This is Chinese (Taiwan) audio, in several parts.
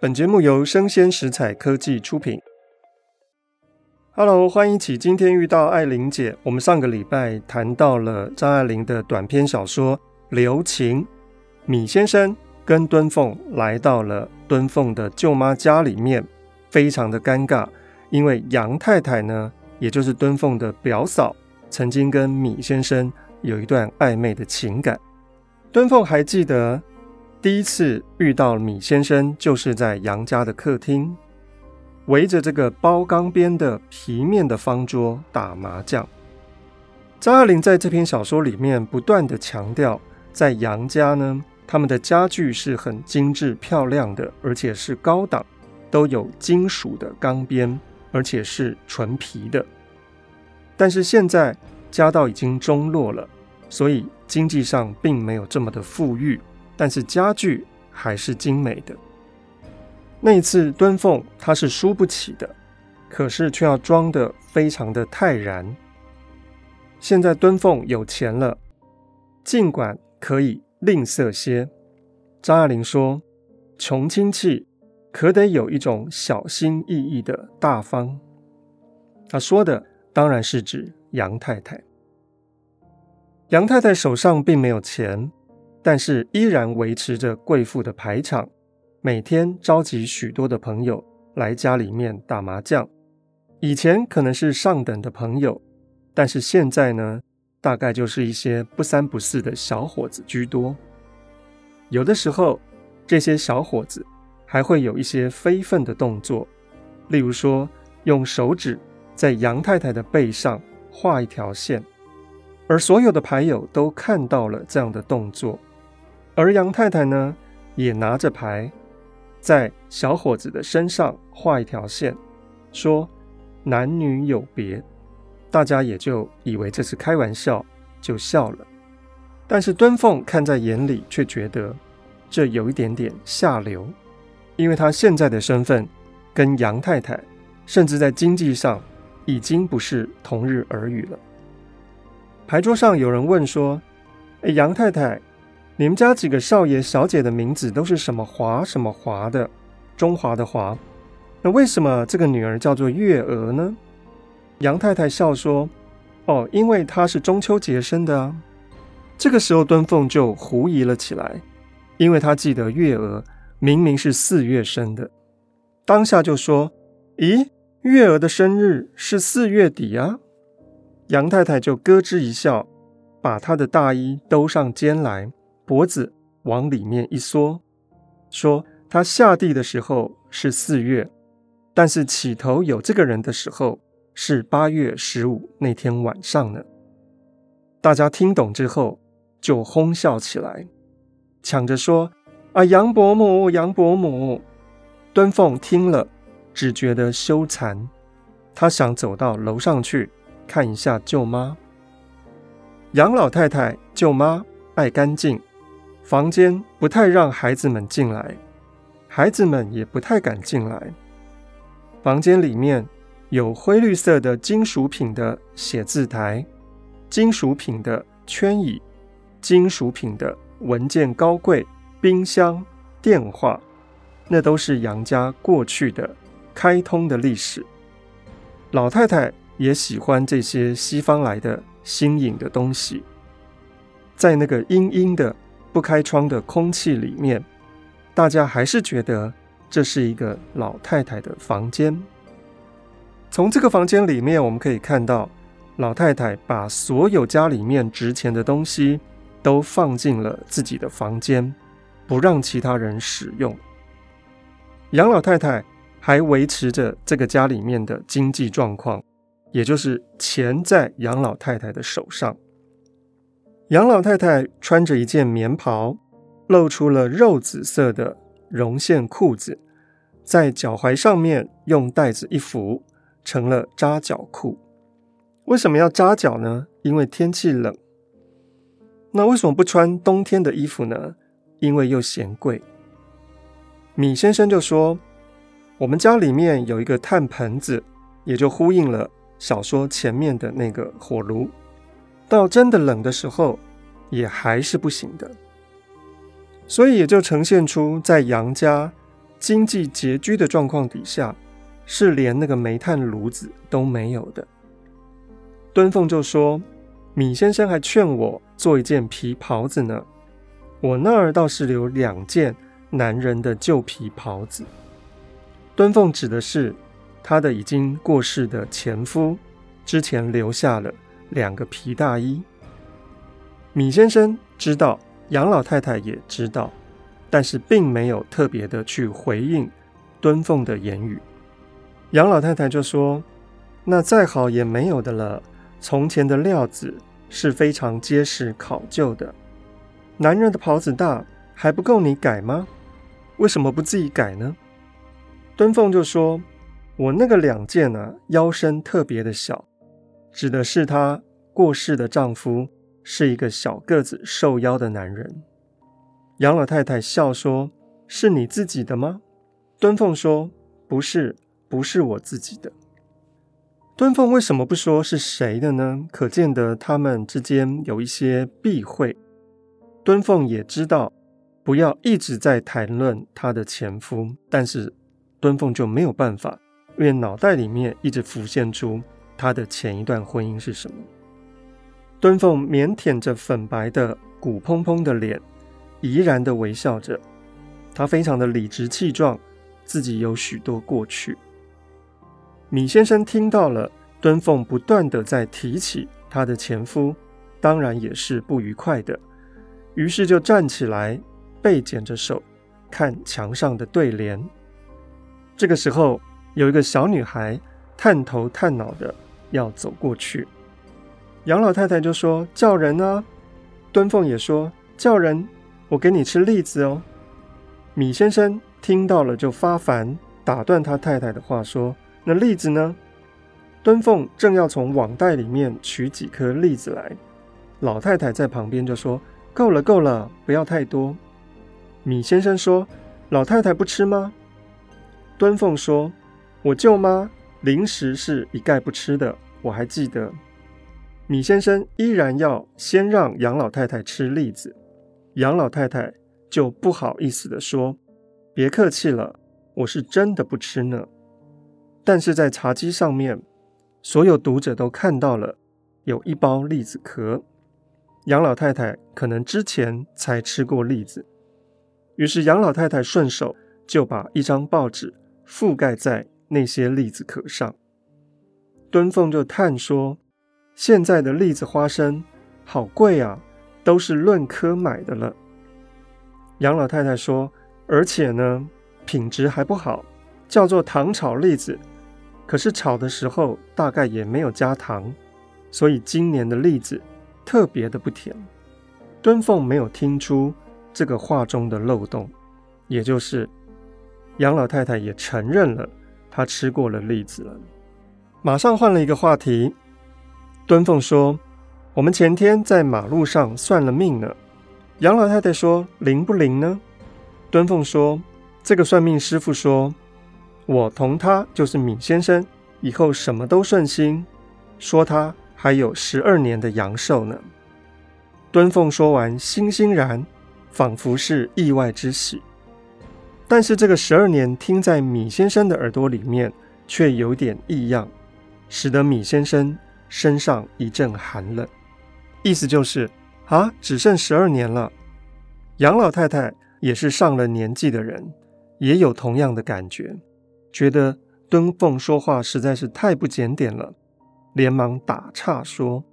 本節目由聲鮮時采科技出品。Hello，歡迎起今天遇道愛玲姐。我們上個禮拜談到了張愛玲的短篇小說《留情》，米先生跟敦鳳來到了敦鳳的舅媽家裡面，非常的尷尬，因為楊太太呢，也就是敦鳳的表嫂，曾經跟米先生有一段曖昧的情感。敦鳳還記得。第一次遇到米先生，就是在楊家的客廳，圍着這個包鋼邊的皮面的方桌打麻將。張愛玲在這篇小說裡面不斷地強調，在楊家呢，他們的家具是很精致漂亮的，而且是高檔，都有金屬的鋼邊，而且是純皮的。但是現在家道已經中落了，所以經濟上並沒有這麼的富裕。但是家具還是精美的。那一次，敦鳳他是輸不起的，可是卻要裝得非常的泰然。現在敦鳳有錢了，儘管可以吝嗇些。張愛玲說：“窮親戚可得有一種小心翼翼的大方。”她說的當然是指楊太太。楊太太手上並沒有錢。但是依然維持着貴婦的排場，每天召集許多的朋友來家裡面打麻將。以前可能是上等的朋友，但是現在呢，大概就是一些不三不四的小夥子居多。有的時候，這些小夥子還會有一些非分的動作，例如說用手指在楊太太的背上畫一條線，而所有的牌友都看到了這樣的動作。而楊太太呢，也拿着牌，在小伙子的身上畫一條線，說：“男女有別。”大家也就以為這是開玩笑，就笑了。但是敦鳳看在眼裡，卻覺得這有一點點下流，因為他現在的身份，跟楊太太，甚至在經濟上，已經不是同日而語了。牌桌上有人問說：“誒，楊太太。”你們家幾個少爺小姐的名字都是什麼華什麼華的，中華的華，那為什麼這個女兒叫做月娥呢？楊太太笑說：“哦，因為她是中秋節生的啊。”這個時候，敦鳳就狐疑了起來，因為她記得月娥明明是四月生的。當下就說：“咦，月娥的生日是四月底啊？”楊太太就咯吱一笑，把她的大衣兜上肩來。脖子往裡面一縮，說：“他下地的時候是四月，但是起頭有這個人的時候是八月十五那天晚上呢。”大家聽懂之後就哄笑起來，搶着說：“啊，楊伯母，楊伯母！”敦鳳聽了，只覺得羞慚，她想走到樓上去看一下舅媽。楊老太太舅媽愛乾淨。房間不太讓孩子們進來，孩子們也不太敢進來。房間裡面有灰綠色的金屬品的寫字台、金屬品的圈椅、金屬品的文件高櫃、冰箱、電話，那都是楊家過去的開通的歷史。老太太也喜歡這些西方來的新穎的東西，在那個陰陰的。不開窗的空氣裡面，大家還是覺得這是一個老太太的房間。從這個房間裡面，我們可以看到，老太太把所有家裡面值錢的東西都放進了自己的房間，不讓其他人使用。楊老太太還維持着這個家裡面的經濟狀況，也就是錢在楊老太太的手上。楊老太太穿着一件棉袍，露出了肉紫色的絨線褲子，在腳踝上面用帶子一縛，成了扎腳褲。為什麼要扎腳呢？因為天氣冷。那為什麼不穿冬天的衣服呢？因為又嫌貴。米先生就說：“我們家裡面有一個炭盆子，也就呼應了小說前面的那個火爐。”到真的冷的時候，也還是不行的，所以也就呈現出在楊家經濟拮據的狀況底下，是連那個煤炭爐子都沒有的。敦鳳就說：“米先生還勸我做一件皮袍子呢，我那兒倒是留兩件男人的舊皮袍子。”敦鳳指的是她的已經過世的前夫之前留下了。兩個皮大衣，米先生知道，楊老太太也知道，但是並沒有特別的去回應敦鳳的言語。楊老太太就說：“那再好也沒有的了，從前的料子是非常結實考究的，男人的袍子大還不夠你改嗎？為什麼不自己改呢？”敦鳳就說：“我那個兩件呢、啊，腰身特別的小。”指的是她過世的丈夫是一個小個子、瘦腰的男人。楊老太太笑說：“是你自己的嗎？”敦鳳說：“不是，不是我自己的。”敦鳳為什麼不說是誰的呢？可見得他們之間有一些避諱。敦鳳也知道不要一直在談論她的前夫，但是敦鳳就沒有辦法，因為腦袋裡面一直浮現出。他的前一段婚姻是什麼？敦鳳腼腆着粉白的、鼓蓬蓬的臉，怡然的微笑着。他非常的理直氣壯，自己有許多過去。米先生聽到了敦鳳不斷的在提起他的前夫，當然也是不愉快的。於是就站起來，背剪着手看牆上的對聯。這個時候，有一個小女孩探頭探腦的。要走過去，楊老太太就說叫人啊，敦鳳也說叫人，我給你吃栗子哦。米先生聽到了就發煩，打斷他太太的話說：“那栗子呢？”敦鳳正要從網袋裡面取幾顆栗子來，老太太在旁邊就說：“夠了，夠了，不要太多。”米先生說：“老太太不吃嗎？”敦鳳說：“我舅媽。”零食是一概不吃的，我還記得，米先生依然要先讓楊老太太吃栗子，楊老太太就不好意思地說：“別客氣了，我是真的不吃呢。”但是，在茶幾上面，所有讀者都看到了有一包栗子殼。楊老太太可能之前才吃過栗子，於是楊老太太順手就把一張報紙覆蓋在，那些栗子殼上，敦鳳就嘆說：“現在的栗子花生好貴啊，都是論顆買的了。”楊老太太說：“而且呢，品質還不好，叫做糖炒栗子，可是炒的時候大概也沒有加糖，所以今年的栗子特別的不甜。”敦鳳沒有聽出這個話中的漏洞，也就是楊老太太也承認了。他吃過了栗子了，馬上換了一個話題。敦鳳說：“我們前天在馬路上算了命呢。”楊老太太說：“靈不靈呢？”敦鳳說：“這個算命師傅說，我同他就是閔先生，以後什麼都順心。說他還有十二年的陽壽呢。”敦鳳說完，欣欣然，仿佛是意外之喜。但是這個十二年聽在米先生的耳朵裡面，卻有點異樣，使得米先生身上一陣寒冷。意思就是啊，只剩十二年了。楊老太太也是上了年紀的人，也有同樣的感覺，覺得敦鳳說話實在是太不檢點了，連忙打岔說：“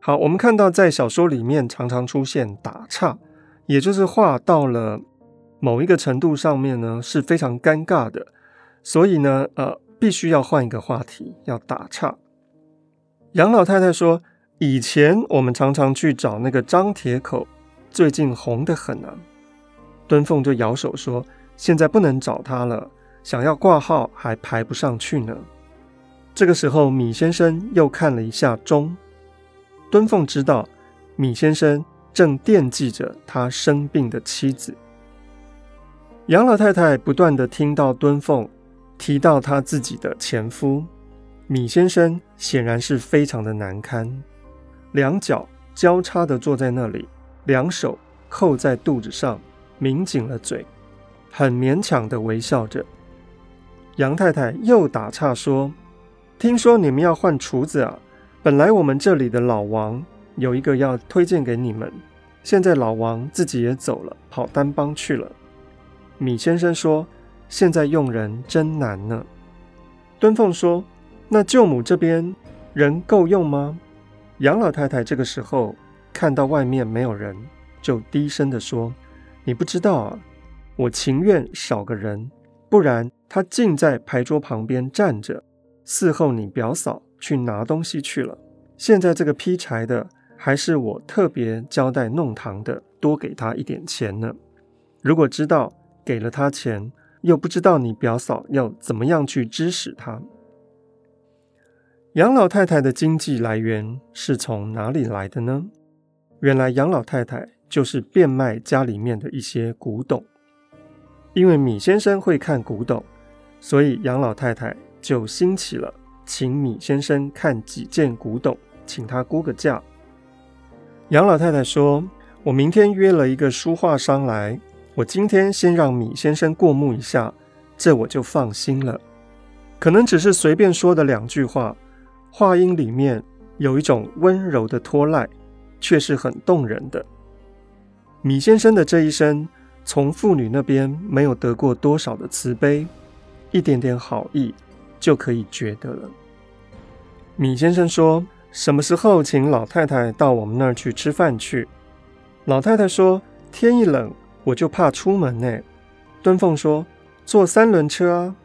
好，我們看到在小說裡面常常出現打岔，也就是話到了。”某一個程度上面呢，是非常尷尬的，所以呢，呃，必須要換一個話題，要打岔。楊老太太說：“以前我們常常去找那個張鐵口，最近紅得很啊。”敦鳳就搖手說：“現在不能找他了，想要掛號還排不上去呢。”這個時候，米先生又看了一下鐘，敦鳳知道米先生正惦記着他生病的妻子。楊老太太不斷地聽到敦鳳提到她自己的前夫，米先生顯然是非常的難堪，兩腳交叉地坐在那裡，兩手扣在肚子上，抿緊了嘴，很勉強地微笑着。楊太太又打岔說：“聽說你們要換廚子啊？本來我們這裡的老王有一個要推薦給你們，現在老王自己也走了，跑單幫去了。”米先生說：“現在用人真難呢。”敦鳳說：“那舅母這邊人夠用嗎？”楊老太太這個時候看到外面沒有人，就低聲地說：“你不知道啊，我情願少個人，不然他竟在牌桌旁邊站着伺候你表嫂去拿東西去了。現在這個劈柴的還是我特別交代弄堂的，多給他一點錢呢。如果知道。”給了他錢，又不知道你表嫂要怎麼樣去支持他。楊老太太的經濟來源是從哪裡來的呢？原來楊老太太就是變賣家裡面的一些古董，因為米先生會看古董，所以楊老太太就興起了請米先生看幾件古董，請他估個價。楊老太太說：“我明天約了一個書畫商來。”我今天先讓米先生過目一下，這我就放心了。可能只是隨便說的兩句話，話音裡面有一種溫柔的拖賴，卻是很動人的。米先生的這一生，從婦女那邊沒有得過多少的慈悲，一點點好意就可以覺得了。米先生說：“什麼時候請老太太到我們那兒去吃飯去？”老太太說：“天一冷。”我就怕出門呢。敦鳳說：“坐三輪車啊，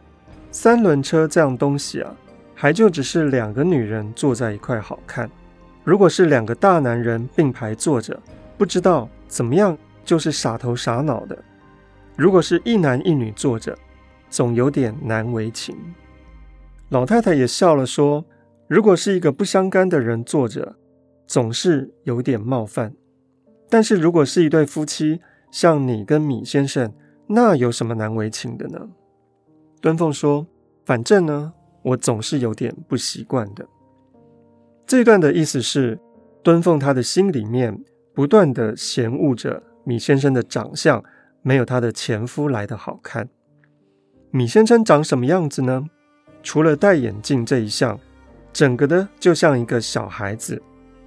三輪車這樣東西啊，還就只是兩個女人坐在一塊好看。如果是兩個大男人並排坐着，不知道怎麼樣，就是傻頭傻腦的。如果是一男一女坐着，總有點難為情。老太太也笑了說：如果是一個不相干的人坐着，總是有點冒犯。但是如果是一對夫妻，像你跟米先生，那有什麼難為情的呢？敦鳳說：“反正呢，我總是有點不習慣的。”這段的意思是，敦鳳他的心裡面不斷的嫌惡着米先生的長相，沒有他的前夫來得好看。米先生長什麼樣子呢？除了戴眼鏡這一項，整個的就像一個小孩子，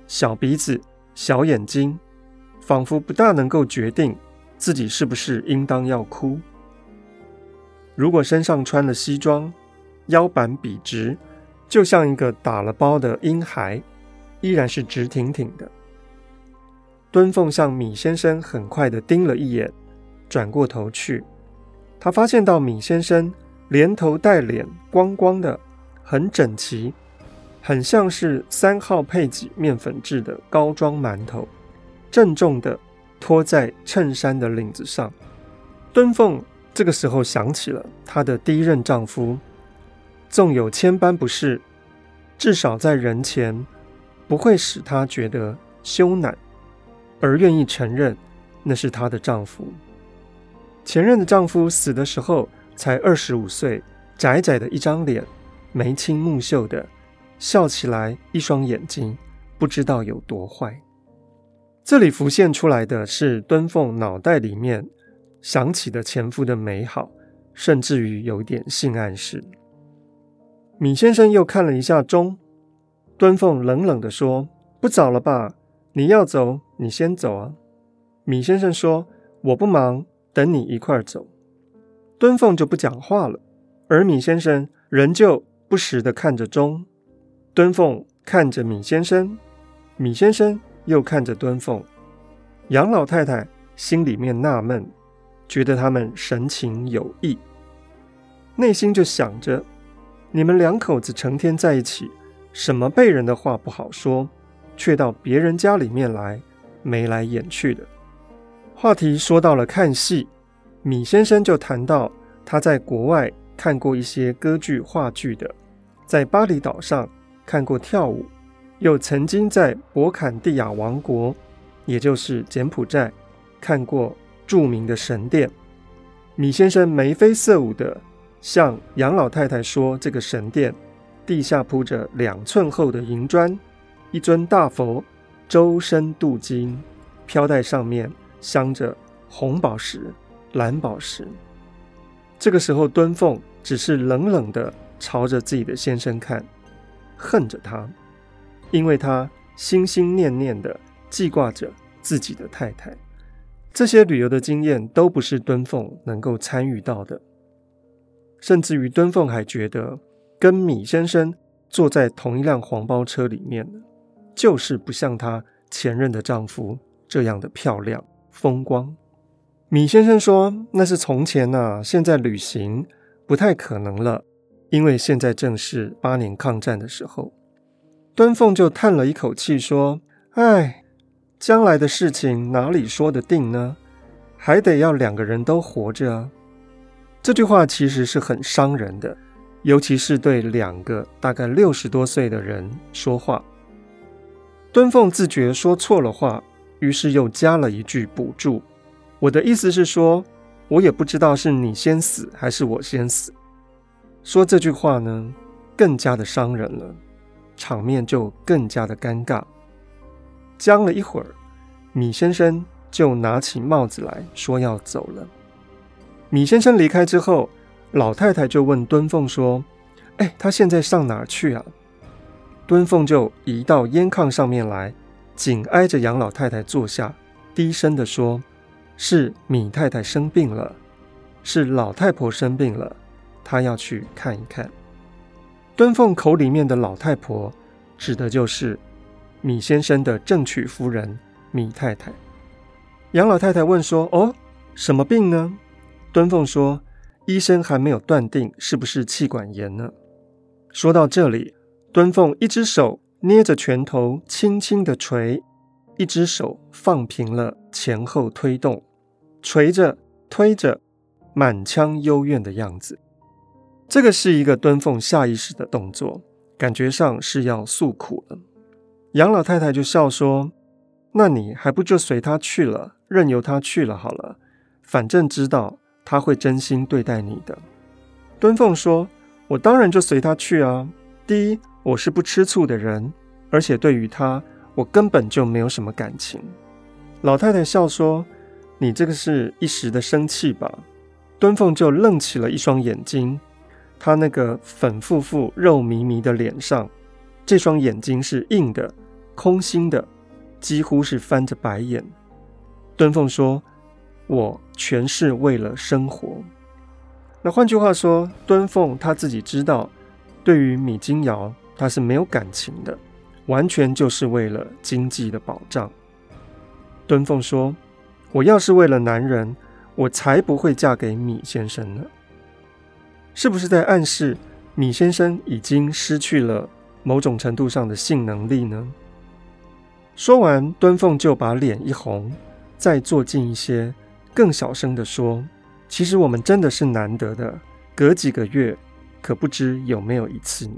小鼻子、小眼睛，仿佛不大能夠決定。自己是不是應當要哭？如果身上穿了西裝，腰板筆直，就像一個打了包的嬰孩，依然是直挺挺的。敦鳳向米先生很快地盯了一眼，轉過頭去。他發現到米先生連頭帶臉光光的，很整齊，很像是三號配給麵粉制的高樁饅頭，鄭重的。托在襯衫的領子上，敦鳳這個時候想起了她的第一任丈夫，縱有千般不是，至少在人前不會使她覺得羞赧，而願意承認那是她的丈夫。前任的丈夫死的時候才二十五歲，窄窄的一張臉，眉清目秀的，笑起來一雙眼睛，不知道有多壞。這裡浮現出來的是敦鳳腦袋裡面想起的前夫的美好，甚至於有點性暗示。米先生又看了一下鐘，敦鳳冷冷地說：“不早了吧？你要走，你先走啊。”米先生說：“我不忙，等你一塊走。”敦鳳就不講話了，而米先生仍舊不時地看着鐘。敦鳳看着米先生，米先生。又看着敦鳳，楊老太太心裡面納悶，覺得他們神情有異，內心就想着：你們兩口子成天在一起，什麼被人的話不好說，卻到別人家裡面來，眉來眼去的。話題說到了看戲，米先生就談到他在國外看過一些歌劇、話劇的，在巴厘島上看過跳舞。又曾經在博坎蒂亞王國，也就是柬埔寨，看過著名的神殿。米先生眉飛色舞地向楊老太太說：“這個神殿地下鋪着兩寸厚的銀磚，一尊大佛周身鍍金，飄帶上面鑲着紅寶石、藍寶石。”這個時候，敦鳳只是冷冷地朝着自己的先生看，恨着他。因為他心心念念的記掛着自己的太太，這些旅遊的經驗都不是敦鳳能夠參與到的。甚至於敦鳳還覺得，跟米先生坐在同一輛黃包車裡面就是不像她前任的丈夫這樣的漂亮風光。米先生說：“那是從前吶、啊，現在旅行不太可能了，因為現在正是八年抗戰的時候。”端鳳就嘆了一口氣，說：“哎，將來的事情哪裡說得定呢？還得要兩個人都活着啊。”這句話其實是很傷人的，尤其是對兩個大概六十多歲的人說話。敦鳳自覺說錯了話，於是又加了一句補助：“我的意思是說，我也不知道是你先死還是我先死。”說這句話呢，更加的傷人了。場面就更加的尷尬，僵了一會兒，米先生就拿起帽子來說要走了。米先生離開之後，老太太就問敦鳳說：“哎，他現在上哪去啊？”敦鳳就移到煙炕上面來，緊挨着楊老太太坐下，低聲的說：“是米太太生病了，是老太婆生病了，她要去看一看。”敦鳳口裡面的老太婆，指的就是米先生的正娶夫人米太太。楊老太太問說：“哦，什麼病呢？”敦鳳說：“醫生還沒有斷定是不是氣管炎呢。”說到這裡，敦鳳一只手捏着拳頭輕輕的捶，一只手放平了前後推動，捶着推着，滿腔幽怨的樣子。這個是一個敦鳳下意識的動作，感覺上是要訴苦了。楊老太太就笑說：“那你還不就隨他去了，任由他去了好了，反正知道他會真心對待你的。”敦鳳說：“我當然就隨他去啊。第一，我是不吃醋的人，而且對於他，我根本就沒有什麼感情。”老太太笑說：“你這個是一時的生氣吧？”敦鳳就愣起了一雙眼睛。他那個粉乎乎、肉迷迷的臉上，這雙眼睛是硬的、空心的，幾乎是翻着白眼。敦鳳說：“我全是為了生活。”那換句話說，敦鳳他自己知道，對於米金瑤，他是沒有感情的，完全就是為了經濟的保障。敦鳳說：“我要是為了男人，我才不會嫁給米先生呢。”是不是在暗示米先生已經失去了某種程度上的性能力呢？說完，敦鳳就把臉一紅，再坐近一些，更小聲地說：“其實我們真的是難得的，隔幾個月，可不知有沒有一次呢。”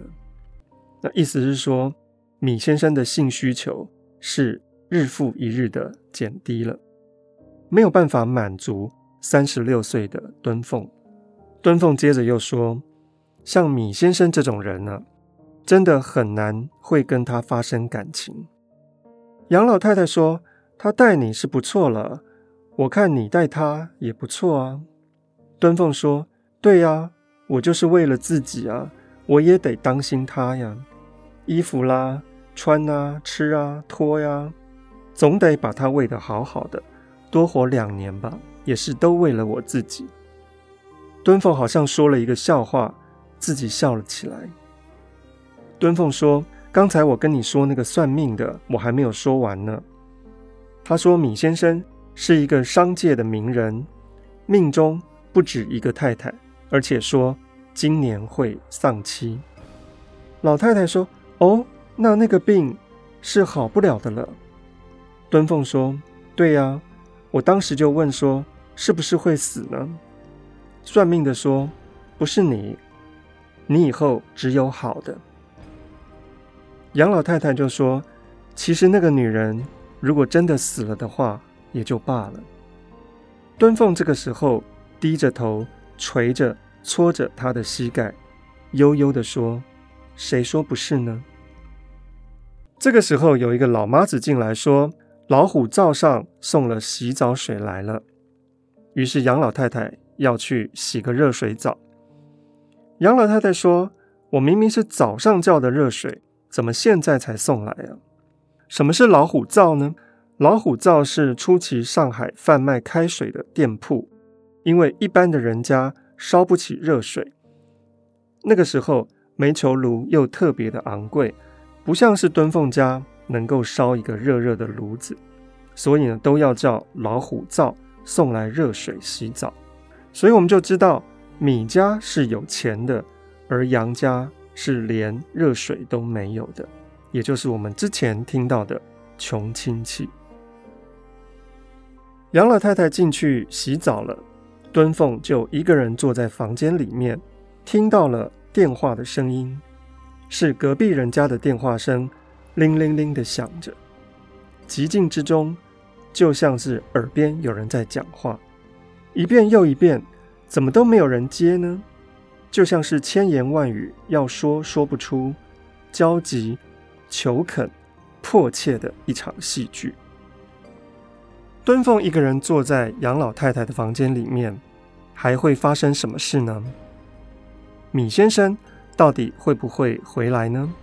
那意思是說，米先生的性需求是日復一日的減低了，沒有辦法滿足三十六歲的敦鳳。敦鳳接着又說：“像米先生這種人呢、啊，真的很難會跟他發生感情。”楊老太太說：“他待你是不錯了，我看你待他也不錯啊。”敦鳳說：“對呀、啊，我就是為了自己啊，我也得當心他呀。衣服啦，穿啊，吃啊，脫呀、啊，總得把他餵得好好的，多活兩年吧，也是都為了我自己。”敦鳳好像說了一個笑話，自己笑了起來。敦鳳說：“剛才我跟你說那個算命的，我還沒有說完呢。他說米先生是一個商界的名人，命中不止一個太太，而且說今年會喪妻。”老太太說：“哦，那那個病是好不了的了。”敦鳳說：“對呀，我當時就問說，是不是會死呢？”算命的說：“不是你，你以後只有好的。”楊老太太就說：“其實那個女人如果真的死了的話，也就罷了。”敦鳳這個時候低着頭，捶着，搓着她的膝蓋，悠悠地說：“誰說不是呢？”這個時候，有一個老媽子進來說：“老虎灶上送了洗澡水來了。”於是楊老太太要去洗個熱水澡。楊老太太說：“我明明是早上叫的熱水，怎麼現在才送來啊？”什麼是老虎灶呢？老虎灶是初期上海販賣開水的店鋪，因為一般的人家燒不起熱水，那個時候煤球爐又特別的昂貴，不像是敦鳳家能夠燒一個熱熱的爐子，所以呢，都要叫老虎灶送來熱水洗澡。所以我們就知道，米家是有錢的，而楊家是連熱水都沒有的，也就是我們之前聽到的窮親戚。楊老太太進去洗澡了，敦鳳就一個人坐在房間裡面，聽到了電話的聲音，是隔壁人家的電話聲，鈴鈴鈴的響着。寂靜之中，就像是耳邊有人在講話。一遍又一遍，怎麼都沒有人接呢？就像是千言萬語要說說不出，焦急、求懇、迫切的一場戲劇。敦鳳一個人坐在楊老太太的房間裡面，還會發生什麼事呢？米先生到底會不會回來呢？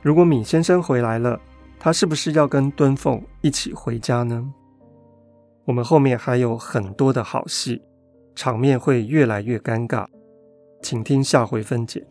如果米先生回來了，他是不是要跟敦鳳一起回家呢？我們後面還有很多的好戲，場面會越來越尷尬，請聽下回分解。